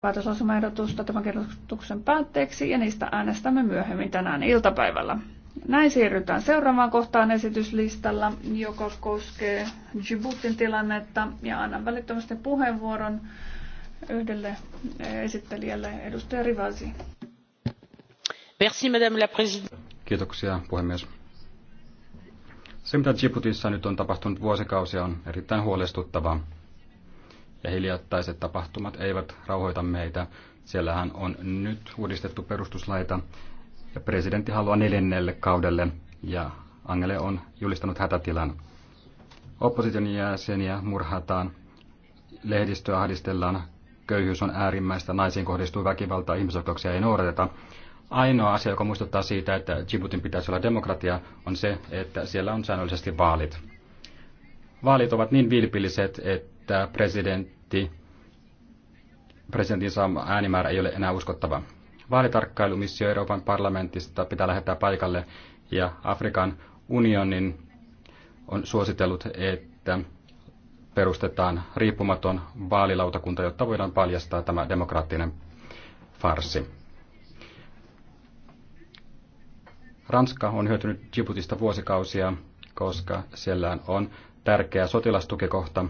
päätöslausumaehdotusta tämän kertomuksen päätteeksi ja niistä äänestämme myöhemmin tänään iltapäivällä. Näin siirrytään seuraavaan kohtaan esityslistalla, joka koskee Djiboutin tilannetta ja annan välittömästi puheenvuoron yhdelle esittelijälle, edustaja Rivasi. Merci, madame la Kiitoksia, puhemies. Se, mitä Djiboutissa nyt on tapahtunut vuosikausia, on erittäin huolestuttavaa ja hiljattaiset tapahtumat eivät rauhoita meitä. Siellähän on nyt uudistettu perustuslaita ja presidentti haluaa neljännelle kaudelle ja Angele on julistanut hätätilan. Opposition jäseniä murhataan, lehdistöä ahdistellaan, köyhyys on äärimmäistä, naisiin kohdistuu väkivaltaa, ihmisoikeuksia ei noudateta. Ainoa asia, joka muistuttaa siitä, että Djiboutin pitäisi olla demokratia, on se, että siellä on säännöllisesti vaalit. Vaalit ovat niin vilpilliset, että että presidentti, presidentin saama äänimäärä ei ole enää uskottava. Vaalitarkkailumissio Euroopan parlamentista pitää lähettää paikalle ja Afrikan unionin on suositellut, että perustetaan riippumaton vaalilautakunta, jotta voidaan paljastaa tämä demokraattinen farsi. Ranska on hyötynyt Djiboutista vuosikausia, koska siellä on tärkeä sotilastukikohta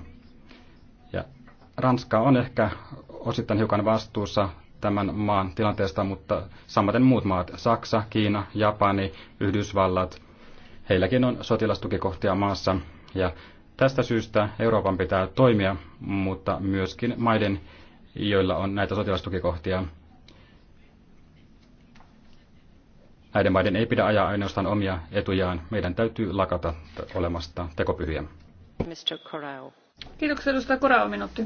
Ranska on ehkä osittain hiukan vastuussa tämän maan tilanteesta, mutta samaten muut maat, Saksa, Kiina, Japani, Yhdysvallat, heilläkin on sotilastukikohtia maassa. Ja tästä syystä Euroopan pitää toimia, mutta myöskin maiden, joilla on näitä sotilastukikohtia, Näiden maiden ei pidä ajaa ainoastaan omia etujaan. Meidän täytyy lakata olemasta tekopyhiä. Mr. Kiitoksia edustaja Korao minuutti.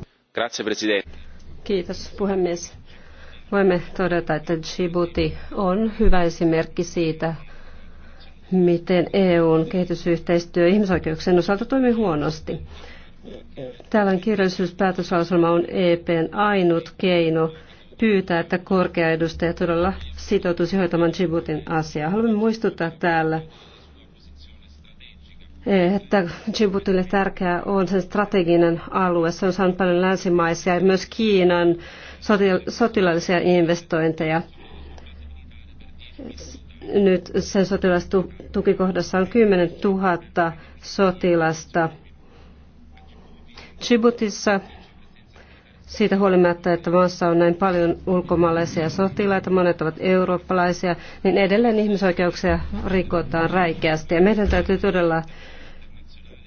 Kiitos puhemies. Voimme todeta, että Djibouti on hyvä esimerkki siitä, miten EUn kehitysyhteistyö ihmisoikeuksien osalta toimii huonosti. Tällainen kirjallisuuspäätöslauselma on EPn ainut keino pyytää, että korkea edustaja todella sitoutuisi hoitamaan Djiboutin asiaa. Haluamme muistuttaa täällä, että Djiboutille tärkeää on sen strateginen alue. Se on saanut paljon länsimaisia ja myös Kiinan sotilaallisia investointeja. Nyt sen sotilastukikohdassa on 10 000 sotilasta. Djiboutissa siitä huolimatta, että maassa on näin paljon ulkomaalaisia sotilaita, monet ovat eurooppalaisia, niin edelleen ihmisoikeuksia rikotaan räikeästi. Ja meidän täytyy todella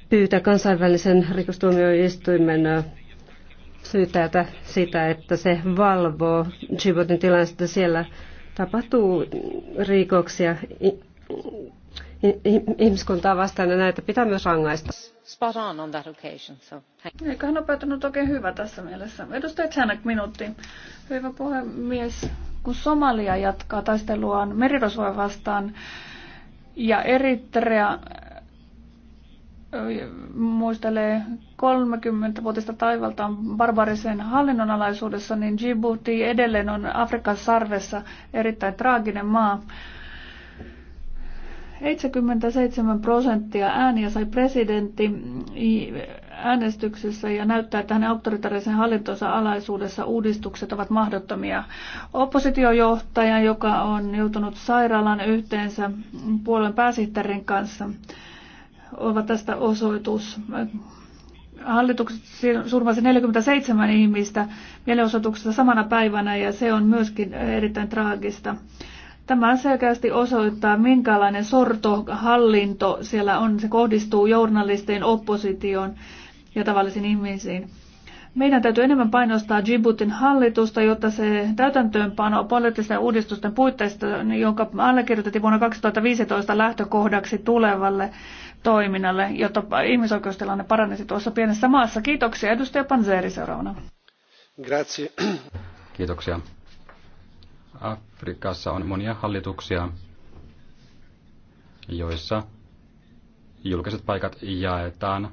pyytää kansainvälisen rikostuomioistuimen syytäjätä sitä, että se valvoo Djiboutin tilannetta. Siellä tapahtuu rikoksia ihmiskuntaa vastaan ja näitä pitää myös rangaista. Spot on on that occasion, so Eiköhän opettanut oikein hyvä tässä mielessä. Edustaja Tsenek, minuutti. Hyvä puhemies. Kun Somalia jatkaa taisteluaan merirosvoja vastaan ja Eritrea muistelee 30-vuotista taivaltaan barbarisen hallinnon alaisuudessa, niin Djibouti edelleen on Afrikan sarvessa erittäin traaginen maa. 77 prosenttia ääniä sai presidentti äänestyksessä ja näyttää, että hänen autoritaarisen hallintonsa alaisuudessa uudistukset ovat mahdottomia. Oppositiojohtaja, joka on joutunut sairaalan yhteensä puolueen pääsihteerin kanssa, ovat tästä osoitus. Hallitukset surmasi 47 ihmistä mielenosoituksessa samana päivänä ja se on myöskin erittäin traagista. Tämä selkeästi osoittaa, minkälainen sortohallinto siellä on. Se kohdistuu journalisteihin, oppositioon ja tavallisiin ihmisiin. Meidän täytyy enemmän painostaa Djiboutin hallitusta, jotta se täytäntöönpano poliittisten uudistusten puitteista, jonka allekirjoitettiin vuonna 2015 lähtökohdaksi tulevalle toiminnalle, jotta ihmisoikeustilanne paranisi tuossa pienessä maassa. Kiitoksia. Edustaja Panzeri seuraavana. Grazie. Kiitoksia. Afrikassa on monia hallituksia, joissa julkiset paikat jaetaan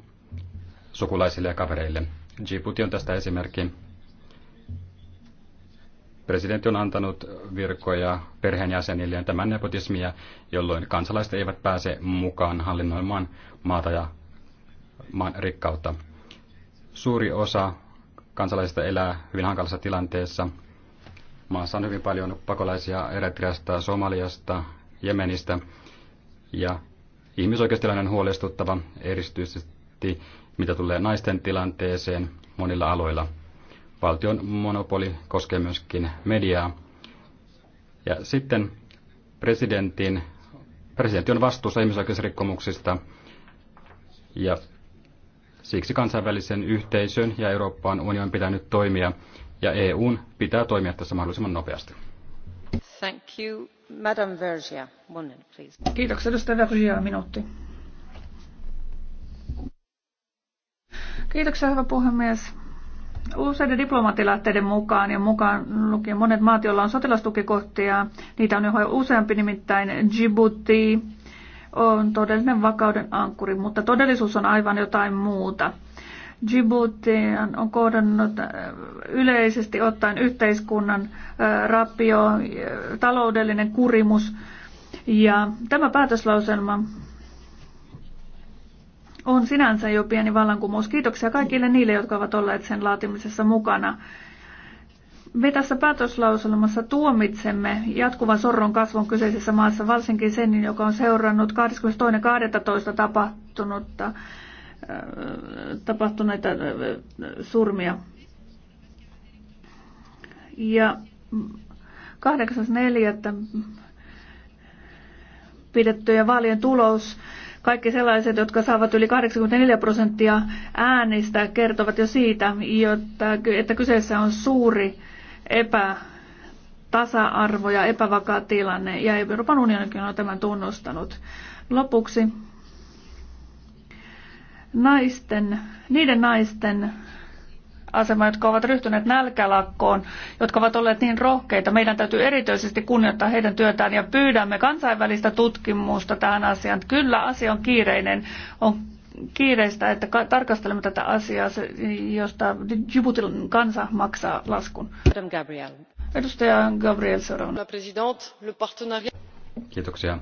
sukulaisille ja kavereille. Djibouti on tästä esimerkki. Presidentti on antanut virkoja perheenjäsenilleen tämän nepotismia, jolloin kansalaiset eivät pääse mukaan hallinnoimaan maata ja maan rikkautta. Suuri osa kansalaisista elää hyvin hankalassa tilanteessa Maassa on hyvin paljon pakolaisia Eritreasta, Somaliasta, Jemenistä ja ihmisoikeustilanne on huolestuttava erityisesti mitä tulee naisten tilanteeseen monilla aloilla. Valtion monopoli koskee myöskin mediaa. Ja sitten presidentin, presidentti on vastuussa ihmisoikeusrikkomuksista ja siksi kansainvälisen yhteisön ja Euroopan unionin pitää nyt toimia ja EUn pitää toimia tässä mahdollisimman nopeasti. Thank you. Madam Vergia, one please. Kiitoksia, edustaja Vergia, minuutti. Kiitoksia, hyvä puhemies. Useiden diplomaattilähteiden mukaan ja mukaan lukien monet maat, joilla on sotilastukikohtia, niitä on jo useampi, nimittäin Djibouti on todellinen vakauden ankkuri, mutta todellisuus on aivan jotain muuta. Djibouti on kohdannut äh, yleisesti ottaen yhteiskunnan äh, rapio, äh, taloudellinen kurimus. Ja tämä päätöslauselma on sinänsä jo pieni vallankumous. Kiitoksia kaikille niille, jotka ovat olleet sen laatimisessa mukana. Me tässä päätöslauselmassa tuomitsemme jatkuvan sorron kasvun kyseisessä maassa, varsinkin sen, joka on seurannut 22.12. tapahtunutta Äh, tapahtuneita äh, surmia. Ja 8.4. pidettyjen vaalien tulos, kaikki sellaiset, jotka saavat yli 84 prosenttia äänistä, kertovat jo siitä, että kyseessä on suuri epätasa-arvo ja epävakaa tilanne, ja Euroopan unionikin on tämän tunnustanut. Lopuksi naisten, niiden naisten asema, jotka ovat ryhtyneet nälkälakkoon, jotka ovat olleet niin rohkeita. Meidän täytyy erityisesti kunnioittaa heidän työtään ja pyydämme kansainvälistä tutkimusta tähän asiaan. Kyllä asia on kiireinen. On kiireistä, että tarkastelemme tätä asiaa, josta Djiboutin kansa maksaa laskun. Gabriel. Edustaja Gabriel Soron. Kiitoksia.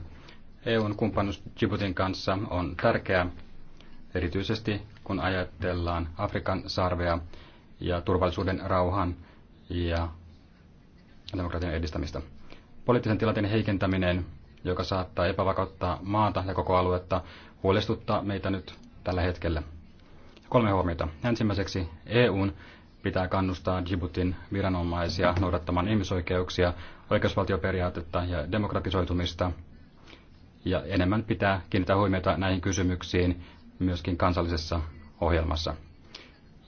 EUn kumppanuus Djiboutin kanssa on tärkeää erityisesti kun ajatellaan Afrikan sarvea ja turvallisuuden, rauhan ja demokratian edistämistä. Poliittisen tilanteen heikentäminen, joka saattaa epävakauttaa maata ja koko aluetta, huolestuttaa meitä nyt tällä hetkellä. Kolme huomiota. Ensimmäiseksi EUn pitää kannustaa Djiboutin viranomaisia noudattamaan ihmisoikeuksia, oikeusvaltioperiaatetta ja demokratisoitumista. Ja enemmän pitää kiinnittää huomiota näihin kysymyksiin myöskin kansallisessa ohjelmassa.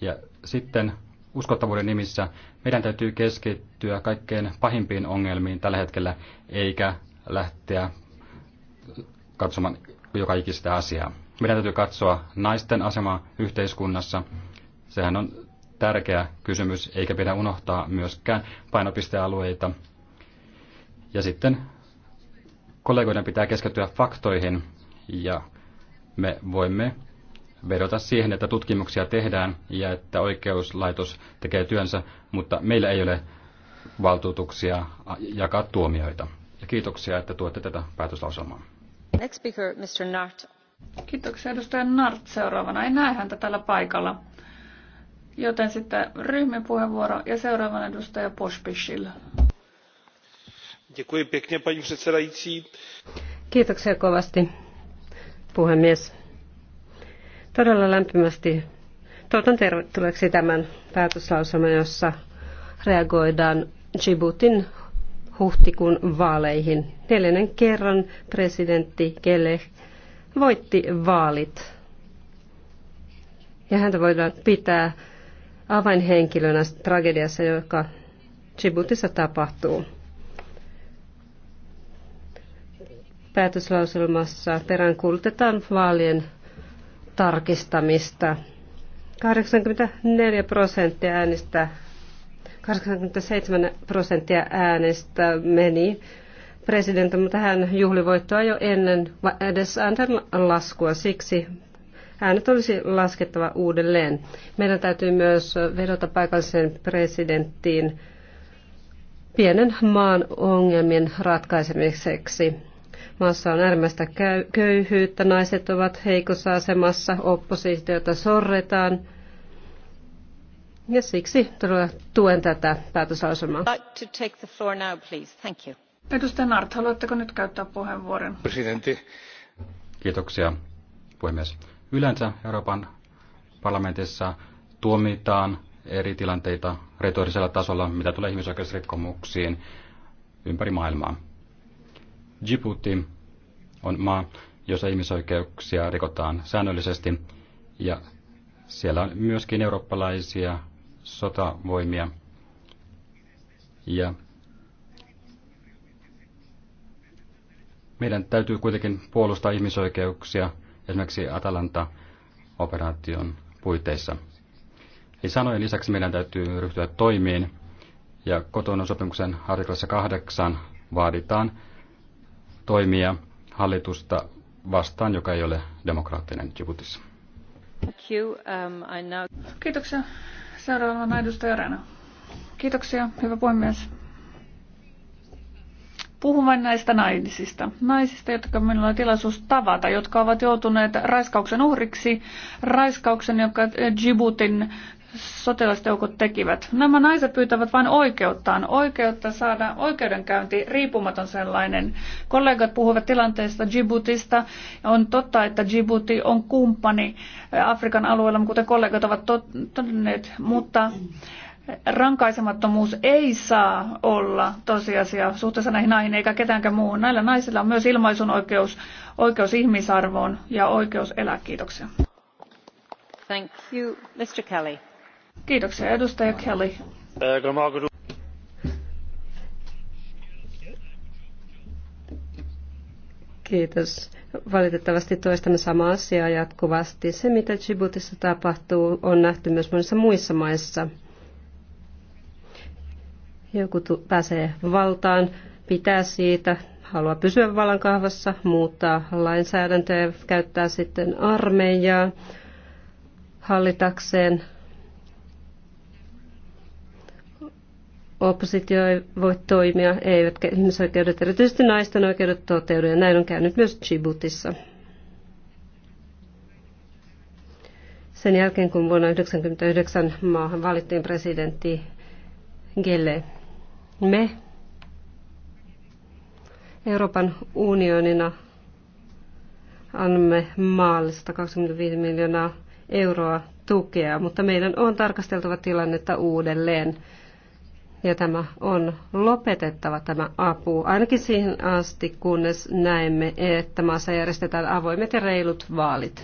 Ja sitten uskottavuuden nimissä meidän täytyy keskittyä kaikkein pahimpiin ongelmiin tällä hetkellä, eikä lähteä katsomaan joka ikistä asiaa. Meidän täytyy katsoa naisten asemaa yhteiskunnassa. Sehän on tärkeä kysymys, eikä pidä unohtaa myöskään painopistealueita. Ja sitten kollegoiden pitää keskittyä faktoihin ja me voimme vedota siihen, että tutkimuksia tehdään ja että oikeuslaitos tekee työnsä, mutta meillä ei ole valtuutuksia jakaa tuomioita. Ja kiitoksia, että tuotte tätä päätöslausumaa. Next speaker, Mr. Nart. Kiitoksia edustaja Nart seuraavana. En näe häntä tällä paikalla. Joten sitten ryhmän puheenvuoro ja seuraavana edustaja Pospisil. Kiitoksia kovasti puhemies. Todella lämpimästi toivotan tervetulleeksi tämän päätöslauselman, jossa reagoidaan Djiboutin huhtikuun vaaleihin. Neljännen kerran presidentti Keleh voitti vaalit. Ja häntä voidaan pitää avainhenkilönä tragediassa, joka Djiboutissa tapahtuu. päätöslauselmassa peräänkuulutetaan vaalien tarkistamista. 84 prosenttia äänistä, 87 prosenttia äänestä meni presidentti, mutta hän juhli voittoa jo ennen edes äänten laskua. Siksi äänet olisi laskettava uudelleen. Meidän täytyy myös vedota paikalliseen presidenttiin pienen maan ongelmien ratkaisemiseksi. Maassa on äärimmäistä köyhyyttä, naiset ovat heikossa asemassa, oppositiota sorretaan. Ja siksi todella tuen tätä päätösasemaa. Edustaja Nart, haluatteko nyt käyttää puheenvuoron? Presidentti. Kiitoksia, puhemies. Yleensä Euroopan parlamentissa tuomitaan eri tilanteita retorisella tasolla, mitä tulee ihmisoikeusrikkomuksiin ympäri maailmaa. Djibouti on maa, jossa ihmisoikeuksia rikotaan säännöllisesti ja siellä on myöskin eurooppalaisia sotavoimia ja meidän täytyy kuitenkin puolustaa ihmisoikeuksia esimerkiksi Atalanta-operaation puitteissa. Eli sanojen lisäksi meidän täytyy ryhtyä toimiin ja kotona sopimuksen artiklassa 8 vaaditaan toimia hallitusta vastaan, joka ei ole demokraattinen Djiboutissa. Um, Kiitoksia. Seuraavana edustaja Rena. Kiitoksia, hyvä puhemies. Puhun vain näistä naisista. Naisista, jotka minulla on tilaisuus tavata, jotka ovat joutuneet raiskauksen uhriksi. Raiskauksen, joka Djiboutin sotilaiset tekivät. Nämä naiset pyytävät vain oikeuttaan, oikeutta saada oikeudenkäynti, riippumaton sellainen. Kollegat puhuvat tilanteesta Djiboutista. On totta, että Djibouti on kumppani Afrikan alueella, kuten kollegat ovat todenneet, mutta rankaisemattomuus ei saa olla tosiasia suhteessa näihin naihin eikä ketäänkään muuhun. Näillä naisilla on myös ilmaisun oikeus, oikeus ihmisarvoon ja oikeus elää. Kiitoksia. Thank you, Mr. Kelly Kiitoksia, edustaja Kelly. Kiitos. Valitettavasti toistamme samaa asiaa jatkuvasti. Se, mitä Djiboutissa tapahtuu, on nähty myös monissa muissa maissa. Joku pääsee valtaan, pitää siitä, haluaa pysyä vallankahvassa, muuttaa lainsäädäntöä, käyttää sitten armeijaa hallitakseen oppositio ei voi toimia, eivätkä ihmisoikeudet, erityisesti naisten oikeudet toteudu, ja näin on käynyt myös Djiboutissa. Sen jälkeen, kun vuonna 1999 maahan valittiin presidentti Gelle, me Euroopan unionina annamme maalle 125 miljoonaa euroa tukea, mutta meidän on tarkasteltava tilannetta uudelleen ja tämä on lopetettava tämä apu, ainakin siihen asti, kunnes näemme, että maassa järjestetään avoimet ja reilut vaalit.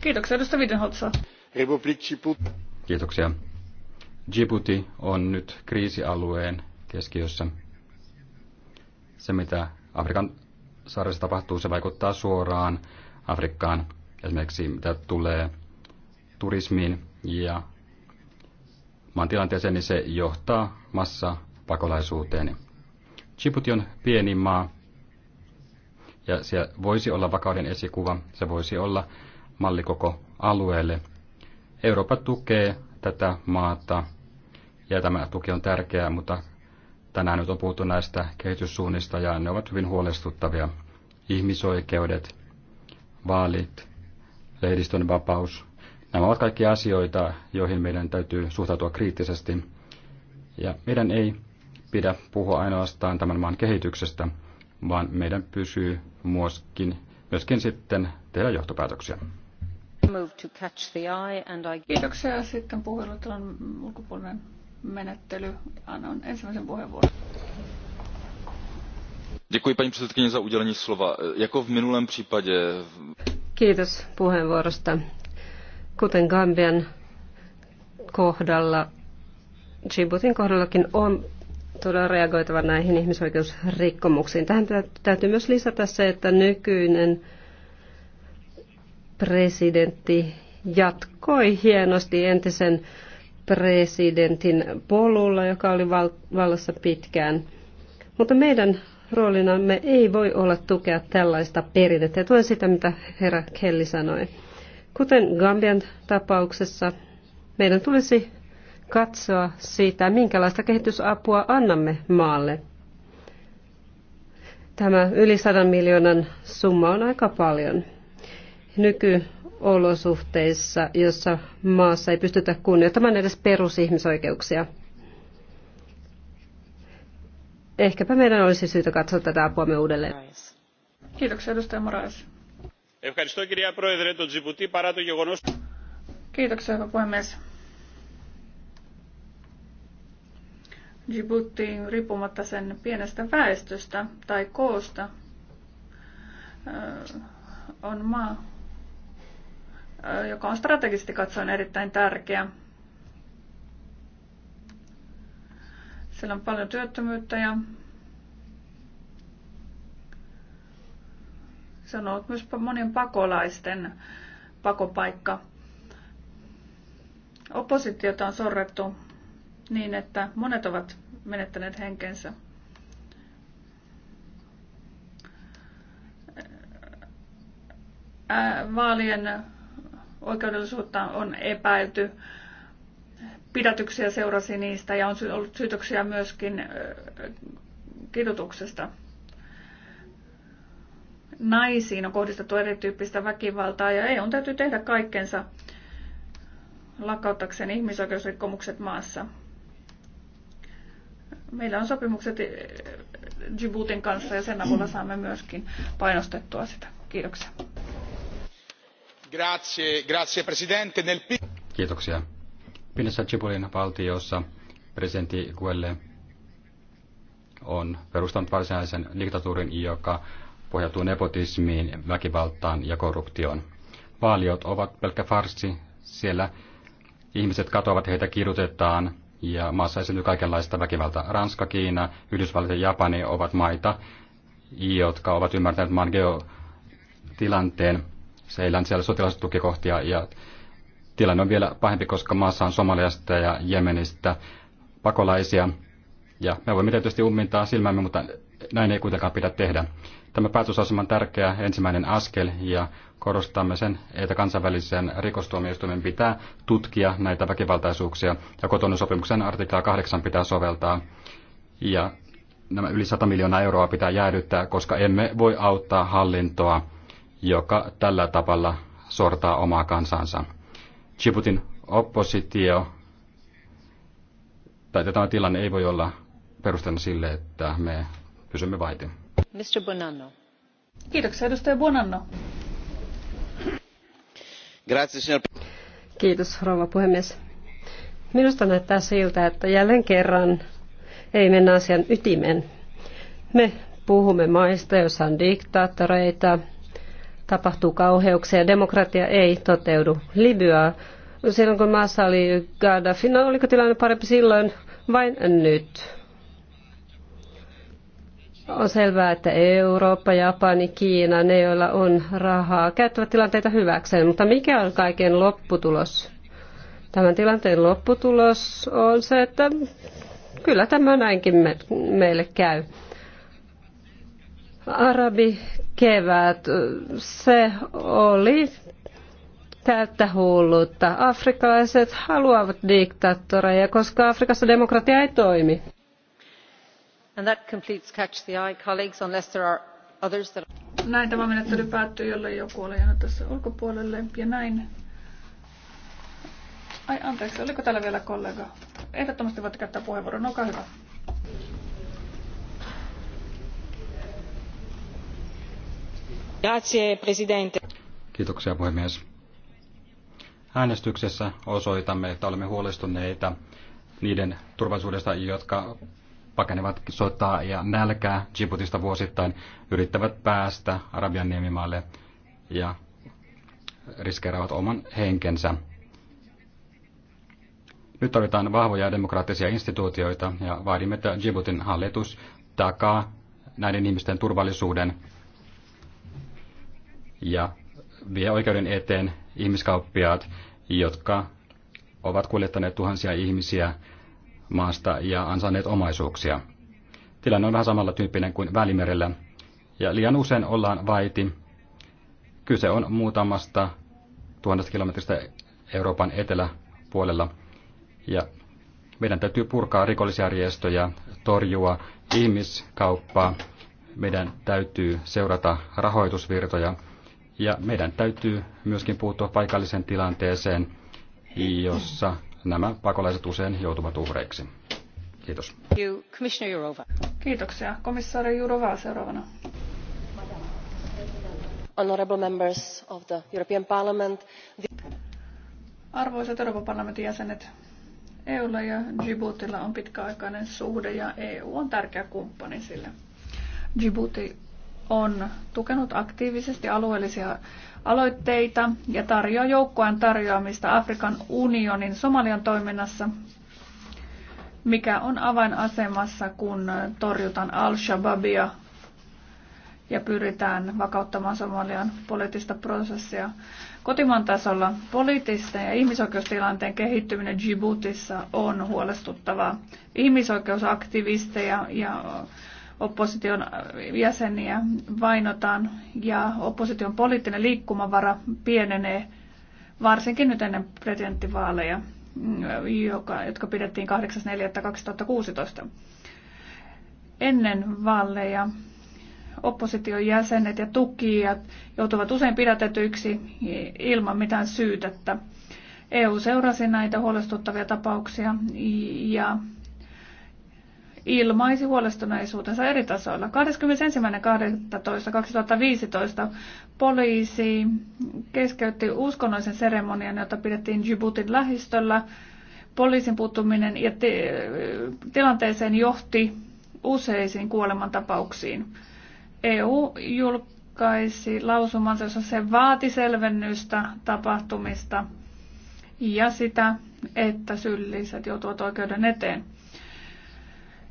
Kiitoksia, edustaja Widenholzer. Kiitoksia. Djibouti on nyt kriisialueen keskiössä. Se, mitä Afrikan saaressa tapahtuu, se vaikuttaa suoraan Afrikkaan, esimerkiksi mitä tulee turismiin ja maan tilanteeseen, niin se johtaa massa pakolaisuuteen. Djibouti on pieni maa ja se voisi olla vakauden esikuva, se voisi olla malli koko alueelle. Eurooppa tukee tätä maata ja tämä tuki on tärkeää, mutta tänään nyt on puhuttu näistä kehityssuunnista ja ne ovat hyvin huolestuttavia. Ihmisoikeudet, vaalit, lehdistön vapaus, Nämä ovat kaikki asioita, joihin meidän täytyy suhtautua kriittisesti. Ja meidän ei pidä puhua ainoastaan tämän maan kehityksestä, vaan meidän pysyy myöskin, myöskin sitten tehdä johtopäätöksiä. Kiitoksia. Sitten puhelut on ulkopuolinen menettely. Annan ensimmäisen puheenvuoron. Děkuji paní předsedkyně za udělení slova. Jako v minulém případě... Kiitos puheenvuorosta kuten Gambian kohdalla, Djiboutin kohdallakin on todella reagoitava näihin ihmisoikeusrikkomuksiin. Tähän täytyy myös lisätä se, että nykyinen presidentti jatkoi hienosti entisen presidentin polulla, joka oli vallassa pitkään. Mutta meidän roolinamme ei voi olla tukea tällaista perinnettä. Tuen sitä, mitä herra Kelly sanoi. Kuten Gambian tapauksessa, meidän tulisi katsoa siitä, minkälaista kehitysapua annamme maalle. Tämä yli 100 miljoonan summa on aika paljon. Nykyolosuhteissa, jossa maassa ei pystytä kunnioittamaan edes perusihmisoikeuksia. Ehkäpä meidän olisi syytä katsoa tätä me uudelleen. Kiitoksia edustaja Moraes. Kiitoksia, hyvä puhemies. Djibouti, riippumatta sen pienestä väestöstä tai koosta, on maa, joka on strategisesti katsoen erittäin tärkeä. Siellä on paljon työttömyyttä ja Se on ollut myös monien pakolaisten pakopaikka. Oppositiota on sorrettu niin, että monet ovat menettäneet henkensä. Vaalien oikeudellisuutta on epäilty. Pidätyksiä seurasi niistä ja on ollut syytöksiä myöskin kidutuksesta naisiin on kohdistettu erityyppistä väkivaltaa ja EU täytyy tehdä kaikkensa lakkauttakseen ihmisoikeusrikkomukset maassa. Meillä on sopimukset Djiboutin kanssa ja sen avulla saamme myöskin painostettua sitä. Kiitoksia. Grazie, grazie presidente. Nel... Kiitoksia. Pienessä Djiboutin valtiossa presidentti Guelle on perustanut varsinaisen diktatuurin, joka pohjautuu nepotismiin, väkivaltaan ja korruptioon. Vaaliot ovat pelkkä farsi. Siellä ihmiset katoavat, heitä kidutetaan ja maassa esiintyy kaikenlaista väkivaltaa. Ranska, Kiina, Yhdysvallat ja Japani ovat maita, jotka ovat ymmärtäneet maan geotilanteen. Seillä on siellä sotilastukikohtia ja tilanne on vielä pahempi, koska maassa on Somaliasta ja Jemenistä pakolaisia. Ja me voimme tietysti ummintaa silmämme, mutta näin ei kuitenkaan pidä tehdä. Tämä päätösasema on tärkeä ensimmäinen askel ja korostamme sen, että kansainvälisen rikostuomioistuimen pitää tutkia näitä väkivaltaisuuksia ja kotonusopimuksen artiklaa 8 pitää soveltaa. Ja nämä yli 100 miljoonaa euroa pitää jäädyttää, koska emme voi auttaa hallintoa, joka tällä tavalla sortaa omaa kansansa. Djiboutin oppositio, tai tämä tilanne ei voi olla perustana sille, että me pysymme vaiti. Mr. Bonanno. Kiitoksia, edustaja Bonanno. Grazie, signor... Kiitos, rouva puhemies. Minusta näyttää siltä, että jälleen kerran ei mennä asian ytimen. Me puhumme maista, joissa on diktaattoreita, tapahtuu kauheuksia, demokratia ei toteudu. Libyaa, silloin kun maassa oli Gaddafi, no oliko tilanne parempi silloin vain nyt? On selvää, että Eurooppa, Japani, Kiina, ne joilla on rahaa, käyttävät tilanteita hyväkseen. Mutta mikä on kaiken lopputulos? Tämän tilanteen lopputulos on se, että kyllä tämä näinkin me, meille käy. Arabi kevät, se oli täyttä hulluutta. Afrikalaiset haluavat diktaattoreja, koska Afrikassa demokratia ei toimi näin tämä menettely päättyy jollei joku ole jäänyt tässä ulkopuolelle ja näin ai anteeksi oliko täällä vielä kollega ehdottomasti voitte käyttää puheenvuoron olkaa hyvä Kiitoksia puhemies. Äänestyksessä osoitamme, että olemme huolestuneita niiden turvallisuudesta, jotka pakenevat sotaa ja nälkää Djiboutista vuosittain, yrittävät päästä Arabian niemimaalle ja riskeeraavat oman henkensä. Nyt tarvitaan vahvoja demokraattisia instituutioita ja vaadimme, että Djiboutin hallitus takaa näiden ihmisten turvallisuuden ja vie oikeuden eteen ihmiskauppiaat, jotka ovat kuljettaneet tuhansia ihmisiä maasta ja ansainneet omaisuuksia. Tilanne on vähän samalla tyyppinen kuin Välimerellä, ja liian usein ollaan vaiti. Kyse on muutamasta tuhannesta kilometristä Euroopan eteläpuolella, ja meidän täytyy purkaa rikollisjärjestöjä, torjua ihmiskauppaa, meidän täytyy seurata rahoitusvirtoja ja meidän täytyy myöskin puuttua paikalliseen tilanteeseen, jossa nämä pakolaiset usein joutuvat uhreiksi. Kiitos. Kiitoksia. Komissaari Jurova seuraavana. Honorable members of the European Parliament. Arvoisat Euroopan parlamentin jäsenet, EUlla ja Djiboutilla on pitkäaikainen suhde ja EU on tärkeä kumppani sille. Djibouti on tukenut aktiivisesti alueellisia aloitteita ja tarjoaa joukkojen tarjoamista Afrikan unionin Somalian toiminnassa, mikä on avainasemassa, kun torjutaan Al-Shababia ja pyritään vakauttamaan Somalian poliittista prosessia. Kotimaan tasolla poliittisten ja ihmisoikeustilanteen kehittyminen Djiboutissa on huolestuttavaa. Ihmisoikeusaktivisteja ja opposition jäseniä vainotaan ja opposition poliittinen liikkumavara pienenee, varsinkin nyt ennen presidenttivaaleja, joka, jotka pidettiin 8.4.2016. Ennen vaaleja opposition jäsenet ja tukijat joutuvat usein pidätetyiksi ilman mitään syytettä. EU seurasi näitä huolestuttavia tapauksia ja ilmaisi huolestuneisuutensa eri tasoilla. 21.12.2015 poliisi keskeytti uskonnollisen seremonian, jota pidettiin Djiboutin lähistöllä. Poliisin puuttuminen ja tilanteeseen johti useisiin kuolemantapauksiin. EU julkaisi lausumansa, jossa se vaati selvennystä tapahtumista ja sitä, että syylliset joutuvat oikeuden eteen.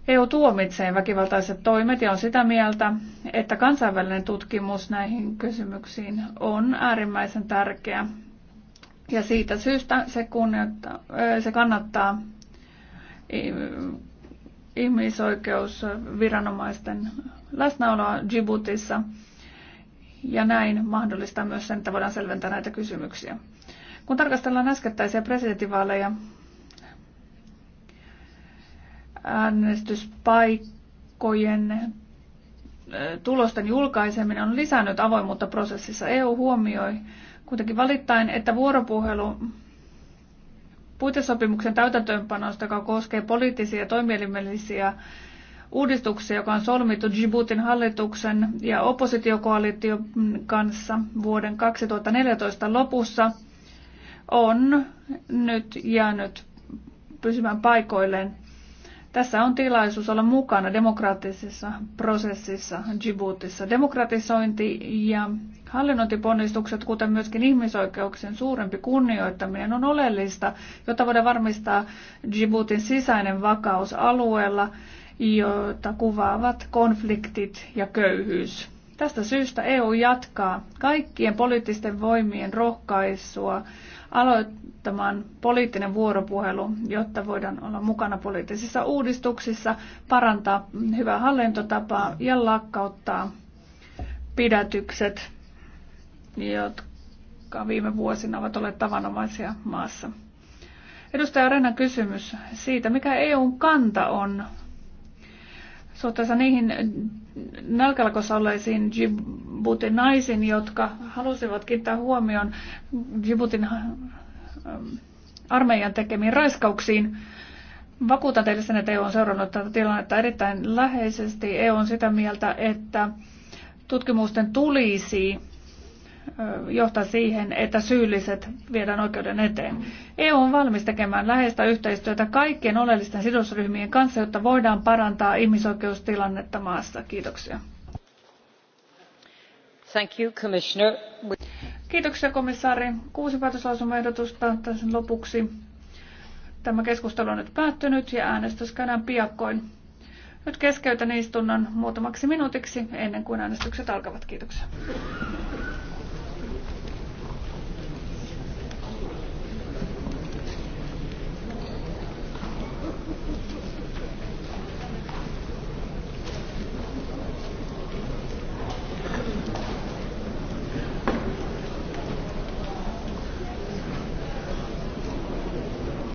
EU tuomitsee väkivaltaiset toimet ja on sitä mieltä, että kansainvälinen tutkimus näihin kysymyksiin on äärimmäisen tärkeä. Ja siitä syystä se, se kannattaa ihmisoikeusviranomaisten läsnäoloa Djiboutissa ja näin mahdollistaa myös sen, että voidaan selventää näitä kysymyksiä. Kun tarkastellaan äskettäisiä presidentinvaaleja, äänestyspaikkojen äh, tulosten julkaiseminen on lisännyt avoimuutta prosessissa. EU huomioi kuitenkin valittain, että vuoropuhelu puitesopimuksen täytäntöönpanosta, joka koskee poliittisia ja toimielimellisiä uudistuksia, joka on solmittu Djiboutin hallituksen ja oppositiokoalition kanssa vuoden 2014 lopussa, on nyt jäänyt pysymään paikoilleen tässä on tilaisuus olla mukana demokraattisessa prosessissa Djiboutissa. Demokratisointi ja hallinnointiponnistukset, kuten myöskin ihmisoikeuksien suurempi kunnioittaminen, on oleellista, jotta voidaan varmistaa Djiboutin sisäinen vakaus alueella, jota kuvaavat konfliktit ja köyhyys. Tästä syystä EU jatkaa kaikkien poliittisten voimien rohkaisua aloittamaan poliittinen vuoropuhelu, jotta voidaan olla mukana poliittisissa uudistuksissa, parantaa hyvää hallintotapaa ja lakkauttaa pidätykset, jotka viime vuosina ovat olleet tavanomaisia maassa. Edustaja Renan kysymys siitä, mikä EUn kanta on suhteessa niihin nälkälakossa olleisiin Djiboutin naisiin, jotka halusivat kiinnittää huomioon Djiboutin äh, armeijan tekemiin raiskauksiin. Vakuutan teille sen, että EU on seurannut tätä tilannetta erittäin läheisesti. EU on sitä mieltä, että tutkimusten tulisi johtaa siihen, että syylliset viedään oikeuden eteen. EU on valmis tekemään läheistä yhteistyötä kaikkien oleellisten sidosryhmien kanssa, jotta voidaan parantaa ihmisoikeustilannetta maassa. Kiitoksia. Thank you, Commissioner. Kiitoksia komissaari. Kuusi päätöslausumaehdotusta tässä lopuksi. Tämä keskustelu on nyt päättynyt ja äänestys käydään piakkoin. Nyt keskeytän istunnon muutamaksi minuutiksi ennen kuin äänestykset alkavat. Kiitoksia.